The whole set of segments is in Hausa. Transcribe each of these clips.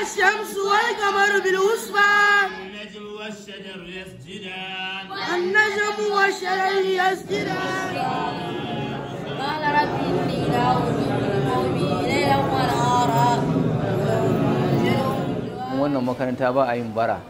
الشمس والقمر بالوصفة والنجم والشجر يسجدان والنجم والشجر يسجدان قال رب إني لا أريد قومي ليلا ونهارا wannan makaranta ba a yin bara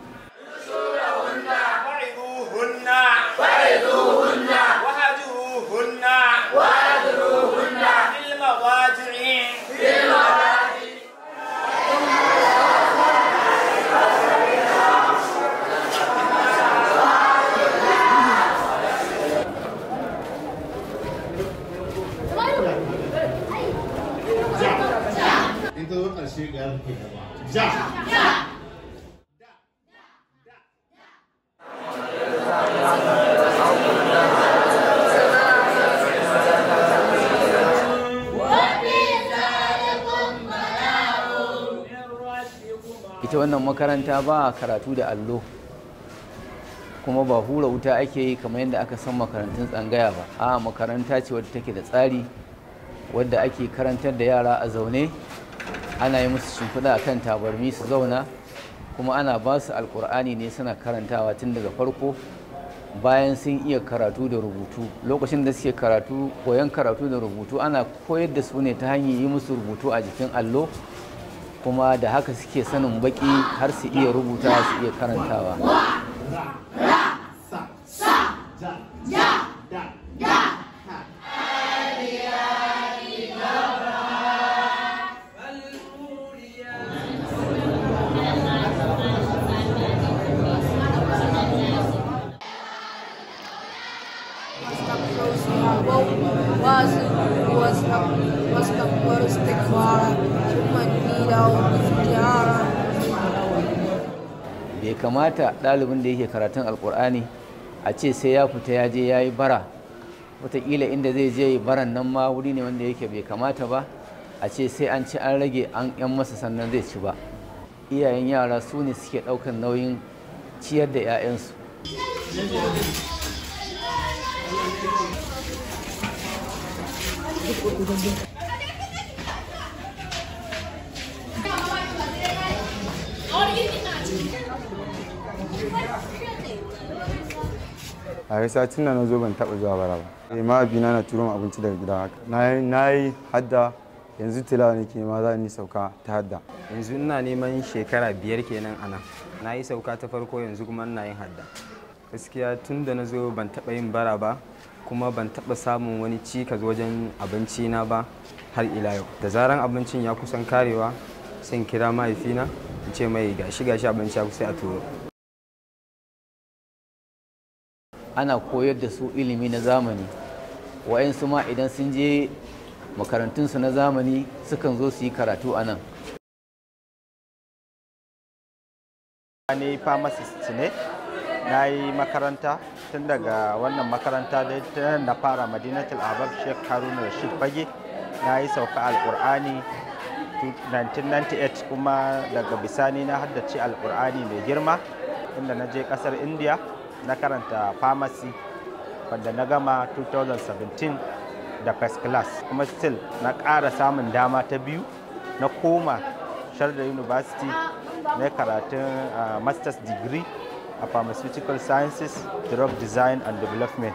in ta zo ƙarshe ja ita wannan makaranta ba karatu da allo kuma ba hura wuta ake yi kamar yadda aka san makarantun tsangaya ba a makaranta ce wadda take da tsari wadda ake karantar da yara a zaune ana yi musu shimfiɗa kan tabarmi su zauna kuma ana ba su alƙur'ani ne suna karantawa tun daga farko bayan sun iya karatu da rubutu lokacin da suke karatu koyon karatu da rubutu ana koyar da su ne ta hanyar yi musu rubutu a jikin allo kuma da haka suke sanin baki har su iya rubuta su iya karantawa bai kamata ɗalibin da yake karatun alkur'ani a ce sai ya fita ya je ya yi bara wataƙila inda zai je baran nan ma wuri ne wanda yake bai kamata ba a ce sai an ci an rage an yan masa sannan zai ci ba iyayen yara su ne suke ɗaukar nauyin ciyar da 'ya'yansu a satin da na zo ban taɓa zuwa bara ba eh, ma abina na turo mu abinci daga gida haka na yi hadda yanzu ne ke ma za ni sauka ta hadda yanzu ina neman shekara biyar kenan a nan na yi sauka ta farko yanzu kuma ina yin hadda gaskiya tun da na zo ban taɓa yin bara ba kuma ban taɓa samun wani cikas wajen abinci na ba har ila yau da zaran abincin ya kusan karewa sai kira mahaifina in ce mai gashi gashi abinci ya kusa a turo ana koyar da su ilimi na zamani wa'yansu ma idan sun je makarantunsu na zamani sukan zo su yi karatu a nan ne pharmacist ne na yi makaranta tun daga wannan makaranta da ta na fara madinatul abar sheikh haruna rashid fage na yi sauka alkur'ani 1998 kuma daga bisani na haddace alkur'ani mai girma inda na je kasar india na karanta pharmacy wanda na gama 2017 da first class kuma still na ƙara samun dama ta biyu na koma sharda university na karatun uh, master's degree a pharmaceutical sciences drug design and development